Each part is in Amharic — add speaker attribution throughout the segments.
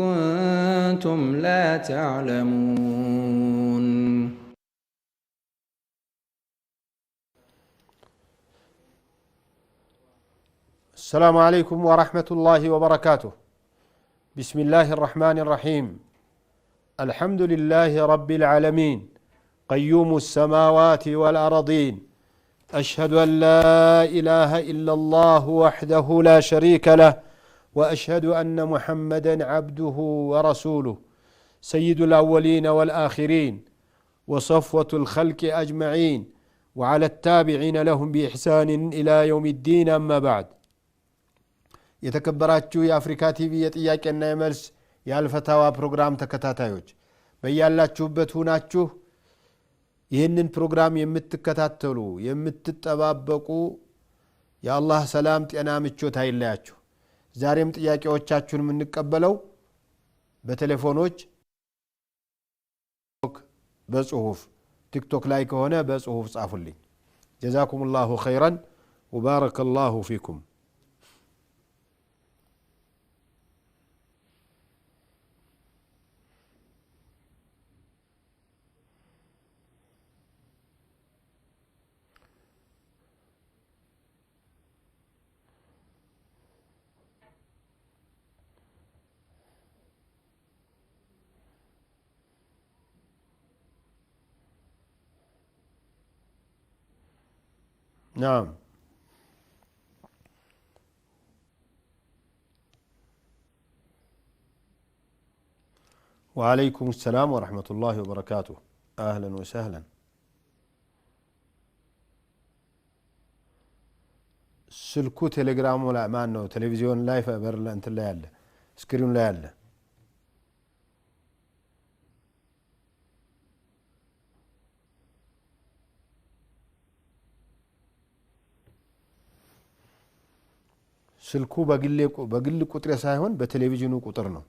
Speaker 1: كنتم لا تعلمون
Speaker 2: السلام عليكم ورحمة الله وبركاته بسم الله الرحمن الرحيم الحمد لله رب العالمين قيوم السماوات والأرضين أشهد أن لا إله إلا الله وحده لا شريك له واشهد ان محمدا عبده ورسوله سيد الاولين والاخرين وصفوه الخلق اجمعين وعلى التابعين لهم باحسان الى يوم الدين اما بعد የተከበራችሁ የአፍሪካ ቲቪ የጥያቄና የመልስ የአልፈታዋ ፕሮግራም ተከታታዮች በያላችሁበት ሁናችሁ ይህንን ፕሮግራም የምትከታተሉ የምትጠባበቁ የአላህ ሰላም ጤና ምቾት አይለያችሁ ዛሬም ጥያቄዎቻችሁን የምንቀበለው በቴሌፎኖች በጽሁፍ ቲክቶክ ላይ ከሆነ በጽሁፍ ጻፉልኝ። ጀዛኩም ላሁ ኸይረን ወባረከ ላሁ ፊኩም። نعم وعليكم السلام ورحمة الله وبركاته أهلا وسهلا ስልኩ ቴሌግራሙ ማን ነው ቴሌቪዥን ላይ በር انت لا يلا سكرين لا يلا ስልኩ በግል ቁጥሬ ሳይሆን በቴሌቪዥኑ ቁጥር ነው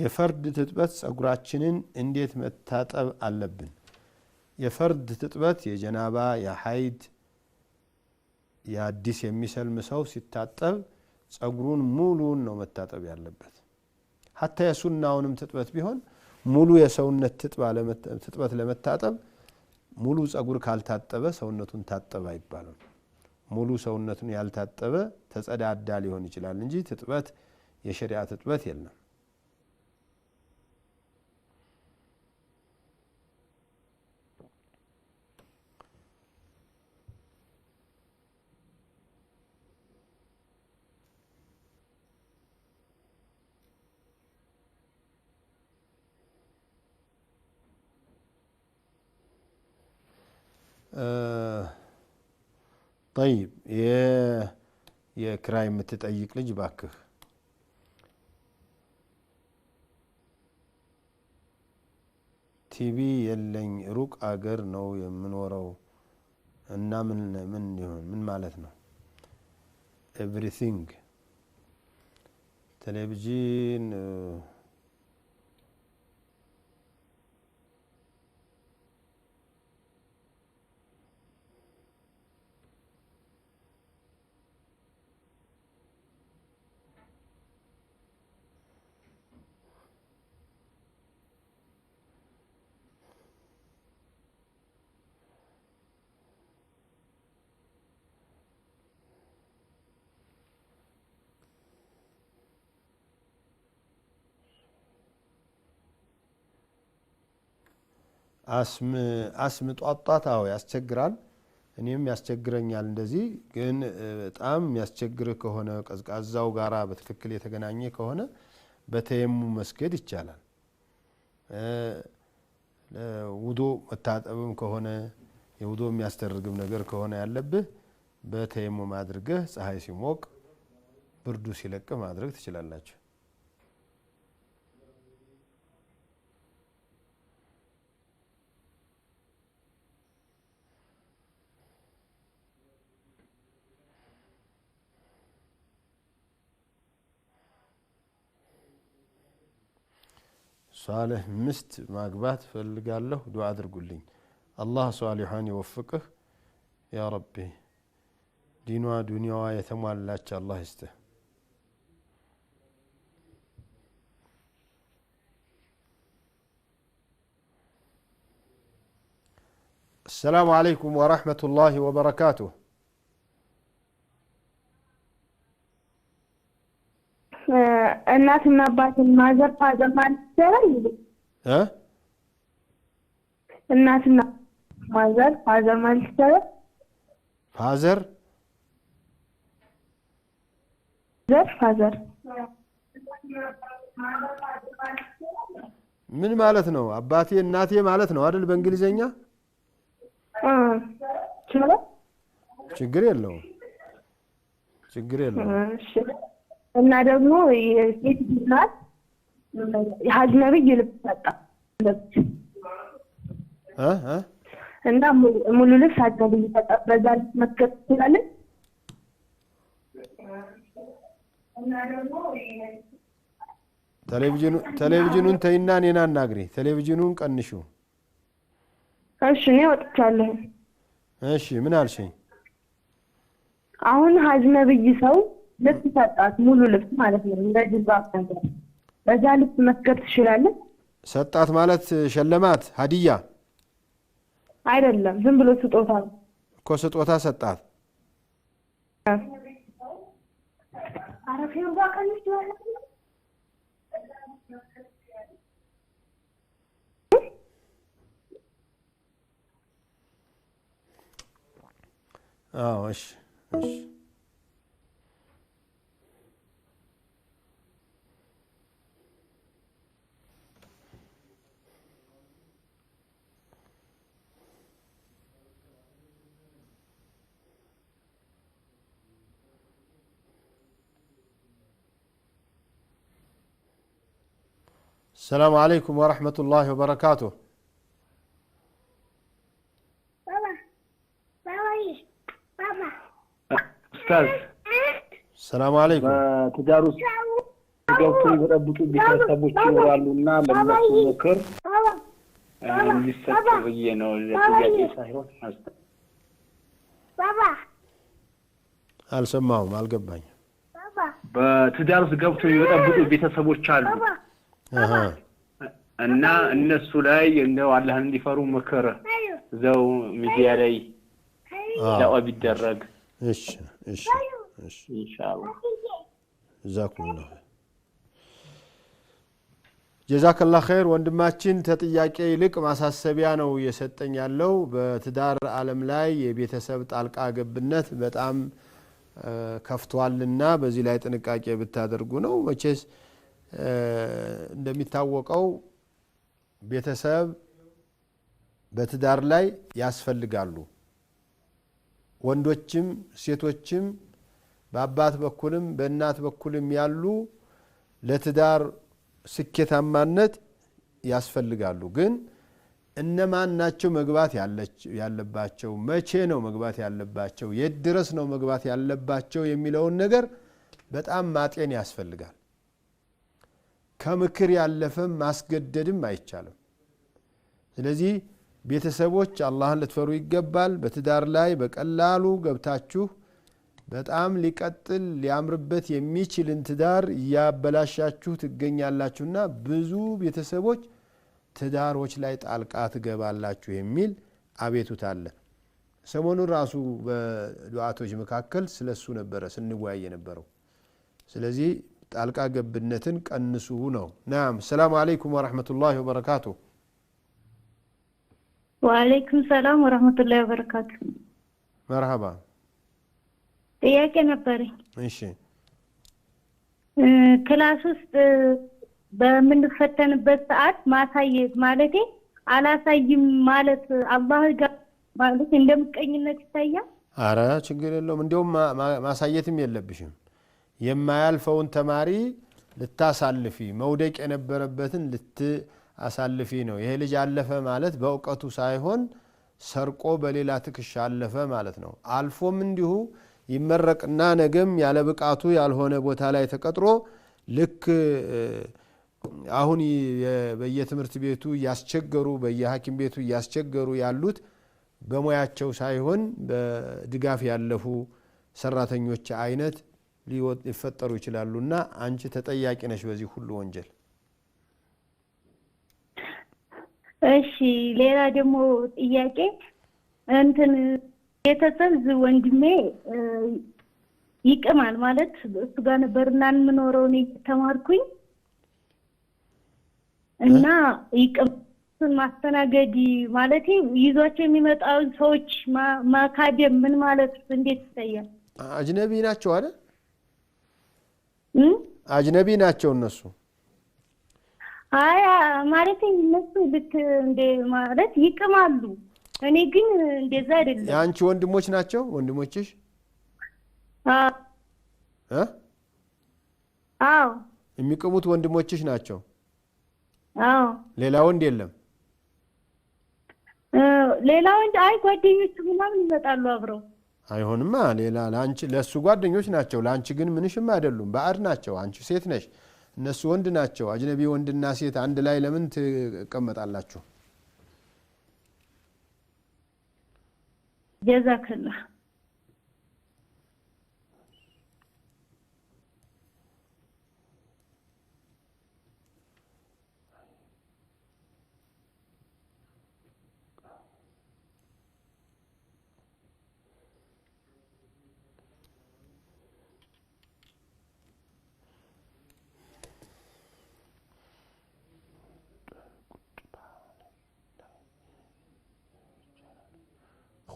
Speaker 2: የፈርድ ትጥበት ጸጉራችንን እንዴት መታጠብ አለብን? የፈርድ ትጥበት የጀናባ፣ የሀይድ፣ የአዲስ የሚሰልም ሰው ሲታጠብ ጸጉሩን ሙሉን ነው መታጠብ ያለበት። ሀታ የሱናውንም ትጥበት ቢሆን ሙሉ የሰውነት ትጥበት ለመታጠብ ሙሉ ጸጉር ካልታጠበ ሰውነቱን ታጠበ አይባልም። ሙሉ ሰውነቱን ያልታጠበ ተጸዳዳ ሊሆን ይችላል እንጂ ትጥበት የሸሪያ ትጥበት የለም። ጠይብ የክራይ የምትጠይቅ ልጅ ባክህ ቲቪ የለኝ ሩቅ አገር ነው የምኖረው እና ምን ምን ሊሆን ምን ማለት ነው? ኤቭሪቲንግ ቴሌቪዥን አስም ጧጧት አዎ ያስቸግራል። እኔም ያስቸግረኛል። እንደዚህ ግን በጣም የሚያስቸግርህ ከሆነ ቀዝቃዛው ጋራ በትክክል የተገናኘ ከሆነ በተየሙ መስገድ ይቻላል። ውዶ መታጠብም ከሆነ የውዶ የሚያስደርግም ነገር ከሆነ ያለብህ በተየሙ ማድርገህ ፀሐይ ሲሞቅ ብርዱ ሲለቅ ማድረግ ትችላላችሁ። ሷልህ ሚስት ማግባት ፈልጋለሁ ዱዓ አድርጉልኝ አላህ ሷሊሖን ይወፍቅህ ያ ረቢ ዲኗ ዱኒያዋ የተሟላች አላህ ይስጥህ السلام عليكم ورحمة الله وبركاته
Speaker 3: እናትና አባትን ማዘር ፋዘር ማለት ይቻላል እ እናትና ማዘር ፋዘር ማለት ይቻላል ፋዘር ዘር ፋዘር
Speaker 2: ምን ማለት ነው? አባቴ እናቴ ማለት ነው አይደል? በእንግሊዘኛ ችግር የለውም። ችግር የለውም።
Speaker 3: እና ደግሞ ሴት ናት ሀጅ ነብይ ልብስ መጣ እና ሙሉ ልብስ ሀጅ ነብይ በዛ ልብስ መስገድ ትችላለን።
Speaker 2: ቴሌቪዥኑን ተይና እኔን አናግሪ። ቴሌቪዥኑን ቀንሹ።
Speaker 3: እሺ፣ እኔ ወጥቻለሁ።
Speaker 2: እሺ፣ ምን አልሽኝ?
Speaker 3: አሁን ሀጅ ነብይ ሰው ልብስ ሰጣት፣ ሙሉ ልብስ ማለት ነው። እንደ ጅልባብ ነገር በዛ ልብስ መስገድ ትችላለች።
Speaker 2: ሰጣት ማለት ሸለማት፣ ሀዲያ
Speaker 3: አይደለም፣ ዝም ብሎ ስጦታ
Speaker 2: እኮ ስጦታ ሰጣት።
Speaker 3: አዎ እሺ፣ እሺ
Speaker 2: السلام عليكم ورحمة الله وبركاته.
Speaker 4: بابا بابا بابا
Speaker 2: أستاذ السلام عليكم.
Speaker 5: تدارس تدارس تدارس تدارس تدارس تدارس بابا تدارس تدارس تدارس تدارس تدارس تدارس تدارس تدارس تدارس تدارس تدارس እና እነሱ ላይ እንደው አላህን እንዲፈሩ ምክር ዘው ሚዲያ ላይ ዳዋ ቢደረግ
Speaker 2: እሺ፣ እሺ፣ እሺ። ጀዛከላ ኸይር ወንድማችን፣ ተጥያቄ ይልቅ ማሳሰቢያ ነው እየሰጠኝ ያለው። በትዳር አለም ላይ የቤተሰብ ጣልቃ ገብነት በጣም ከፍቷልና በዚህ ላይ ጥንቃቄ ብታደርጉ ነው መቼስ እንደሚታወቀው ቤተሰብ በትዳር ላይ ያስፈልጋሉ። ወንዶችም ሴቶችም በአባት በኩልም በእናት በኩልም ያሉ ለትዳር ስኬታማነት ያስፈልጋሉ። ግን እነማን ናቸው መግባት ያለባቸው? መቼ ነው መግባት ያለባቸው? የት ድረስ ነው መግባት ያለባቸው? የሚለውን ነገር በጣም ማጤን ያስፈልጋል። ከምክር ያለፈም ማስገደድም አይቻልም። ስለዚህ ቤተሰቦች አላህን ልትፈሩ ይገባል። በትዳር ላይ በቀላሉ ገብታችሁ በጣም ሊቀጥል ሊያምርበት የሚችልን ትዳር እያበላሻችሁ ትገኛላችሁና ብዙ ቤተሰቦች ትዳሮች ላይ ጣልቃ ትገባላችሁ የሚል አቤቱት አለ። ሰሞኑን ራሱ በዱዓቶች መካከል ስለሱ ነበረ ስንወያይ የነበረው። ስለዚህ ጣልቃ ገብነትን ቀንሱ ነው። ናም ሰላሙ አለይኩም ወረሕመቱላሂ ወበረካቱ።
Speaker 6: ወአለይኩም ሰላም ወረሕመቱላሂ ወበረካቱ። መርሃባ። ጥያቄ ነበረኝ። እሺ። ክላስ ውስጥ በምንፈተንበት ሰዓት ማሳየት ማለት አላሳይም ማለት አላህ ጋር ማለት እንደምቀኝነት ይታያል።
Speaker 2: አረ ችግር የለውም። እንዲሁም ማሳየትም የለብሽም የማያልፈውን ተማሪ ልታሳልፊ መውደቅ የነበረበትን ልትአሳልፊ ነው። ይሄ ልጅ አለፈ ማለት በእውቀቱ ሳይሆን ሰርቆ በሌላ ትከሻ አለፈ ማለት ነው። አልፎም እንዲሁ ይመረቅና ነገም ያለ ብቃቱ ያልሆነ ቦታ ላይ ተቀጥሮ ልክ አሁን በየትምህርት ቤቱ እያስቸገሩ በየሀኪም ቤቱ እያስቸገሩ ያሉት በሙያቸው ሳይሆን በድጋፍ ያለፉ ሰራተኞች አይነት ሊፈጠሩ ይችላሉ እና አንቺ ተጠያቂ ነሽ በዚህ ሁሉ ወንጀል።
Speaker 6: እሺ፣ ሌላ ደግሞ ጥያቄ እንትን ቤተሰብ ወንድሜ ይቅማል ማለት እሱ ጋር ነበርና የምኖረው እኔ ተማርኩኝ እና ይቅም ማስተናገድ ማለት ይዟቸው የሚመጣ ሰዎች ማካደም ምን ማለት እንዴት ይታያል?
Speaker 2: አጅነቢ ናቸው አይደል? አጅነቢ ናቸው እነሱ።
Speaker 6: አይ ማለት እነሱ ብት እንደ ማለት ይቅማሉ። እኔ ግን እንደዛ አይደለም።
Speaker 2: የአንቺ ወንድሞች ናቸው ወንድሞችሽ? አዎ የሚቅሙት ወንድሞችሽ ናቸው። አዎ ሌላ ወንድ የለም።
Speaker 6: ሌላ ወንድ አይ ጓደኞቹ ምናምን ይመጣሉ አብረው
Speaker 2: አይሆንማ። ሌላ ለአንቺ ለእሱ ጓደኞች ናቸው፣ ለአንቺ ግን ምንሽም አይደሉም። በአድ ናቸው። አንቺ ሴት ነሽ፣ እነሱ ወንድ ናቸው። አጅነቢ ወንድና ሴት አንድ ላይ ለምን ትቀመጣላችሁ? ጀዛከላ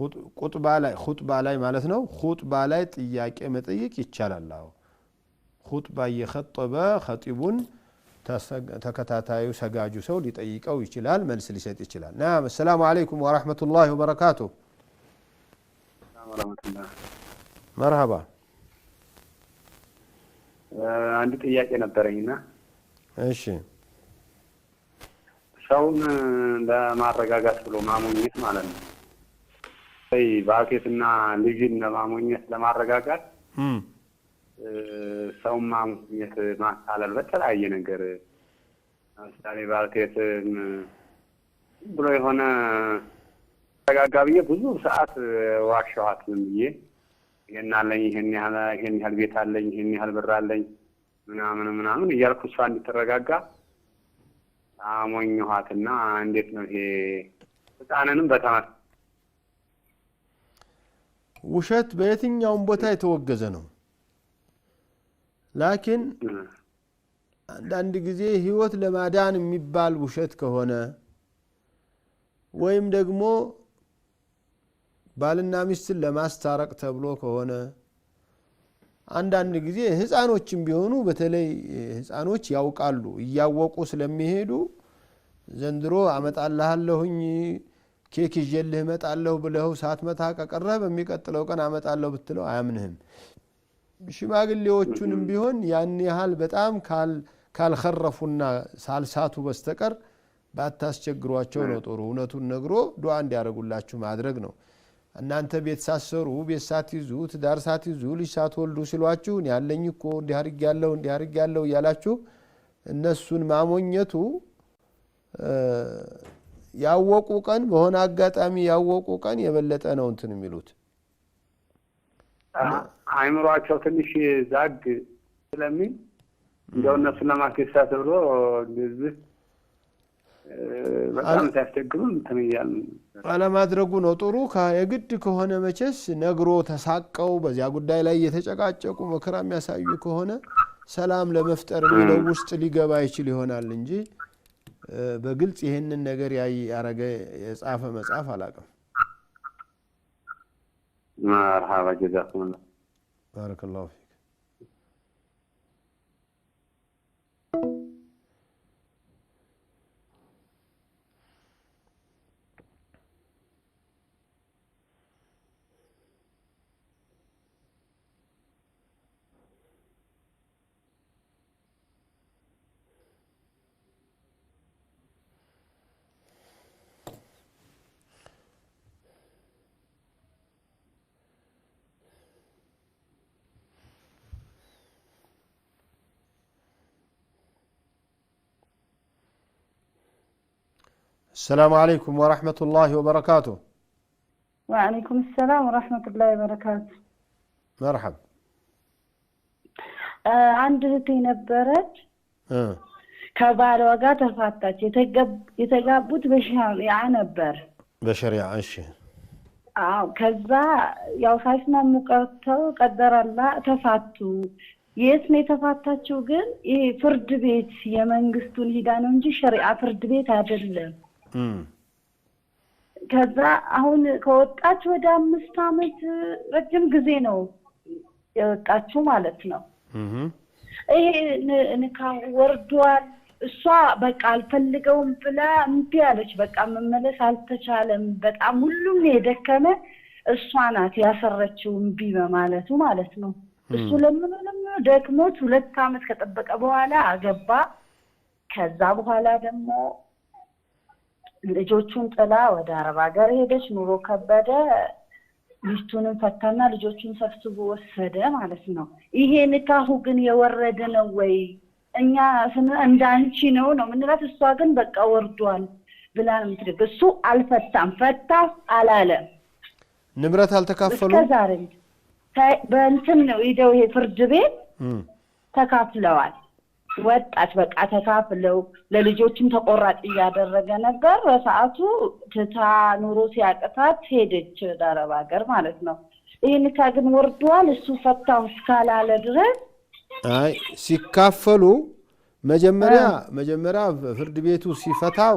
Speaker 2: ቁጥባ ላይ ላይ ማለት ነው። ሁጥባ ላይ ጥያቄ መጠየቅ ይቻላል። አዎ ኹጥባ እየኸጠበ ኸጢቡን ተከታታዩ ሰጋጁ ሰው ሊጠይቀው ይችላል፣ መልስ ሊሰጥ ይችላል። ናም አሰላሙ አለይኩም ወረሕመቱላሂ ወበረካቱ። መርሃባ።
Speaker 7: አንድ ጥያቄ ነበረኝና እሺ ሰውን ለማረጋጋት ብሎ ማሞኘት ማለት ነው ይ ባኬትና ልጅን ለማሞኘት ለማረጋጋት ሰው ማሞኘት ማሳለል በተለያየ ነገር ለምሳሌ ባልቴት ብሎ የሆነ ተረጋጋ ብዬ ብዙ ሰዓት ዋሸኋት ብዬ ይሄን አለኝ ይሄን ያህል ይሄን ያህል ቤት አለኝ ይሄን ያህል ብር አለኝ ምናምን ምናምን እያልኩ እሷ እንድትረጋጋ አሞኘኋትና እንዴት ነው ይሄ ህፃንንም በተመ
Speaker 2: ውሸት በየትኛውም ቦታ የተወገዘ ነው። ላኪን አንዳንድ ጊዜ ህይወት ለማዳን የሚባል ውሸት ከሆነ ወይም ደግሞ ባልና ሚስትን ለማስታረቅ ተብሎ ከሆነ አንዳንድ ጊዜ ህፃኖችም ቢሆኑ በተለይ ህፃኖች ያውቃሉ እያወቁ ስለሚሄዱ ዘንድሮ አመጣልሃለሁኝ ኬክ ይዤልህ እመጣለሁ ብለው ሳትመታ ከቀረህ በሚቀጥለው ቀን አመጣለሁ ብትለው አያምንህም። ሽማግሌዎቹንም ቢሆን ያን ያህል በጣም ካልከረፉና ሳልሳቱ በስተቀር ባታስቸግሯቸው ነው ጥሩ። እውነቱን ነግሮ ዱ እንዲያደርጉላችሁ ማድረግ ነው። እናንተ ቤት ሳሰሩ፣ ቤት ሳትይዙ፣ ትዳር ሳትይዙ፣ ልጅ ሳትወልዱ ሲሏችሁ ያለኝ እኮ እንዲህ ያለው እንዲህ ያለው እያላችሁ እነሱን ማሞኘቱ ያወቁ ቀን በሆነ አጋጣሚ ያወቁ ቀን የበለጠ ነው እንትን የሚሉት
Speaker 7: አእምሯቸው ትንሽ ዛግ ስለሚል እንደው እነሱ ለማስደሳት ብሎ እንደዚህ በጣም ሲያስቸግሩን እንትን
Speaker 2: አለማድረጉ ነው ጥሩ። የግድ ከሆነ መቼስ ነግሮ ተሳቀው በዚያ ጉዳይ ላይ የተጨቃጨቁ መከራ የሚያሳዩ ከሆነ ሰላም ለመፍጠር የሚለው ውስጥ ሊገባ ይችል ይሆናል እንጂ በግልጽ ይህንን ነገር ያረገ የጻፈ መጽሐፍ አላቅም
Speaker 7: መርሓባ ጀዛኩም
Speaker 2: ባረከላሁ ፊክ السلام عليكم ورحمة الله وبركاته
Speaker 8: وعليكم السلام ورحمة الله وبركاته مرحبا አንድ እህቴ ነበረች ከባሏ ጋር ተፋታች። የተጋቡት በሸሪያ ነበር።
Speaker 2: በሸሪያ እሺ።
Speaker 8: አዎ። ከዛ ያው ሳይስማሙ ቀርተው ቀደራላ ተፋቱ። የት ነው የተፋታችው? ግን ይሄ ፍርድ ቤት የመንግስቱን ሂዳ ነው እንጂ ሸሪያ ፍርድ ቤት አይደለም። ከዛ አሁን ከወጣች ወደ አምስት አመት ረጅም ጊዜ ነው የወጣችው ማለት ነው። ይሄ ንካ ወርዷል። እሷ በቃ አልፈልገውም ብላ እምቢ አለች። በቃ መመለስ አልተቻለም። በጣም ሁሉም የደከመ እሷ ናት ያሰረችው እምቢ በማለቱ ማለት ነው። እሱ ለምኑ ለምኑ ደክሞት ሁለት አመት ከጠበቀ በኋላ አገባ። ከዛ በኋላ ደግሞ ልጆቹን ጥላ ወደ አረብ ሀገር ሄደች። ኑሮ ከበደ። ሚስቱንም ፈታና ልጆቹን ሰብስቦ ወሰደ ማለት ነው። ይሄ ንካሁ ግን የወረደ ነው ወይ? እኛ እንደ አንቺ ነው ነው ምንላት። እሷ ግን በቃ ወርዷል ብላ ነው ምትደግ። እሱ አልፈታም፣ ፈታ አላለም።
Speaker 2: ንብረት አልተካፈሉ
Speaker 8: እስከዛሬ በእንትን ነው ሂደው ይሄ ፍርድ ቤት ተካፍለዋል። ወጣች። በቃ ተካፍለው ለልጆችም ተቆራጭ እያደረገ ነበር። በሰዓቱ ትታ ኑሮ ሲያቅታት ሄደች ወደ አረብ ሀገር ማለት ነው። ይህን ግን ወርዷል እሱ ፈታው እስካላለ ድረስ
Speaker 2: አይ ሲካፈሉ መጀመሪያ መጀመሪያ ፍርድ ቤቱ ሲፈታው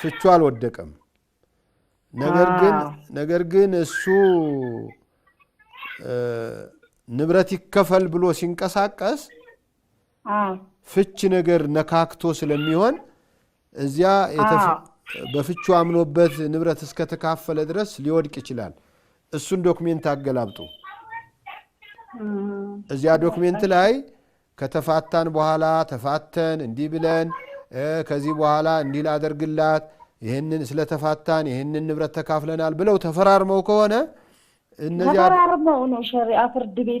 Speaker 2: ፍቹ አልወደቀም። ነገር ግን ነገር ግን እሱ ንብረት ይከፈል ብሎ ሲንቀሳቀስ ፍች ነገር ነካክቶ ስለሚሆን እዚያ በፍቹ አምኖበት ንብረት እስከተካፈለ ድረስ ሊወድቅ ይችላል። እሱን ዶክሜንት አገላብጡ። እዚያ ዶክሜንት ላይ ከተፋታን በኋላ ተፋተን እንዲህ ብለን ከዚህ በኋላ እንዲህ ላደርግላት ይህንን ስለተፋታን ይህንን ንብረት ተካፍለናል ብለው ተፈራርመው ከሆነ እነዚያ ተፈራርመው ነው ሸሪአ ፍርድ ቤት